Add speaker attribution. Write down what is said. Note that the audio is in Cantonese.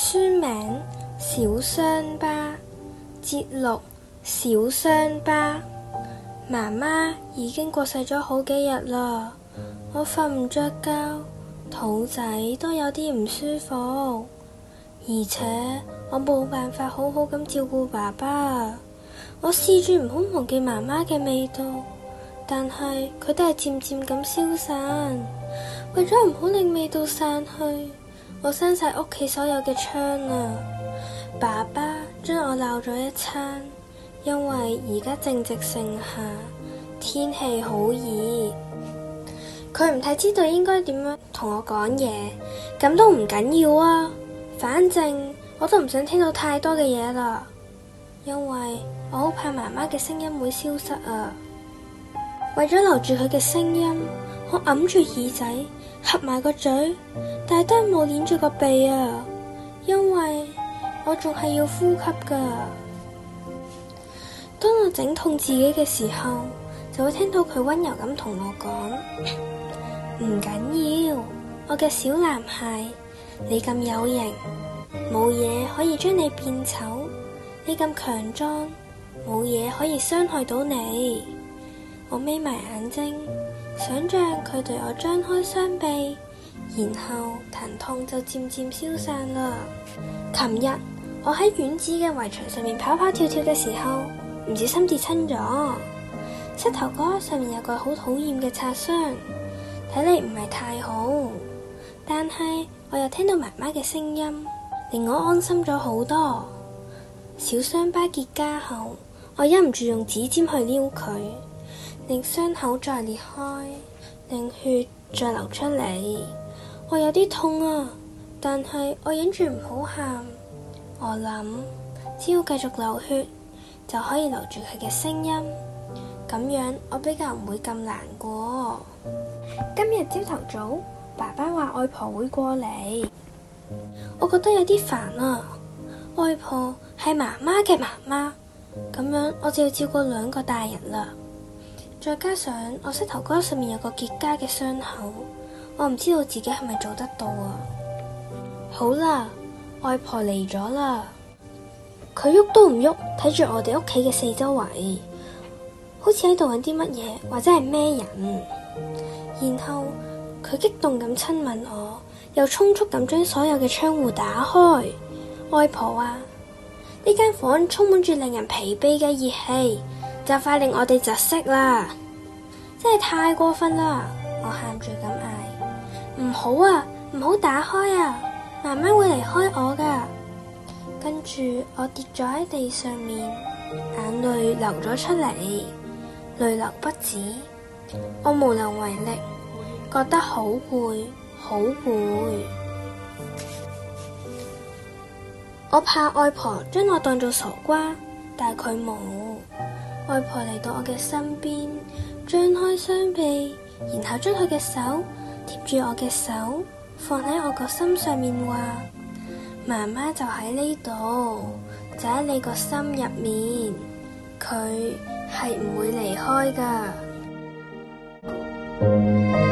Speaker 1: 書名：小傷疤。節錄：小傷疤。媽媽已經過世咗好幾日啦，我瞓唔着覺，肚仔都有啲唔舒服，而且我冇辦法好好咁照顧爸爸。我試住唔好忘記媽媽嘅味道，但係佢都係漸漸咁消散，為咗唔好令味道散去。我閂晒屋企所有嘅窗啊。爸爸將我鬧咗一餐，因為而家正值盛夏，天氣好熱。佢唔太知道應該點樣同我講嘢，咁都唔緊要，要啊，反正我都唔想聽到太多嘅嘢啦，因為我好怕媽媽嘅聲音會消失啊。為咗留住佢嘅聲音，我揞住耳仔。合埋個嘴，但係都冇捏住個鼻啊，因為我仲係要呼吸噶當我整痛自己嘅時候，就會聽到佢溫柔咁同我講，唔緊要，我嘅小男孩，你咁有型，冇嘢可以將你變醜，你咁強壯，冇嘢可以傷害到你。我眯埋眼睛。想象佢對我張開雙臂，然後疼痛就漸漸消散啦。琴日我喺院子嘅圍牆上面跑跑跳跳嘅時候，唔小心跌親咗膝頭哥，上面有個好討厭嘅擦傷，睇嚟唔係太好。但係我又聽到媽媽嘅聲音，令我安心咗好多。小傷疤結痂後，我忍唔住用指尖去撩佢。令傷口再裂開，令血再流出嚟。我有啲痛啊，但係我忍住唔好喊。我諗，只要繼續流血，就可以留住佢嘅聲音。咁樣我比較唔會咁難過。今日朝頭早，爸爸話外婆會過嚟。我覺得有啲煩啊。外婆係媽媽嘅媽媽，咁樣我就要照顧兩個大人啦。再加上我膝頭哥上面有個結痂嘅傷口，我唔知道自己係咪做得到啊！好啦，外婆嚟咗啦，佢喐都唔喐，睇住我哋屋企嘅四周圍，好似喺度揾啲乜嘢或者係咩人。然後佢激動咁親吻我，又匆促咁將所有嘅窗戶打開。外婆啊，呢間房充滿住令人疲憊嘅熱氣。就快令我哋窒息啦！真係太過分啦！我喊住咁嗌唔好啊，唔好打開啊，媽媽會離開我噶。跟住我跌咗喺地上面，眼淚流咗出嚟，淚流不止。我無能為力，覺得好攰，好攰。我怕外婆將我當做傻瓜，但係佢冇。外婆嚟到我嘅身邊，張開雙臂，然後將佢嘅手貼住我嘅手，放喺我個心上面，話：媽媽就喺呢度，就喺你個心入面，佢係唔會離開㗎。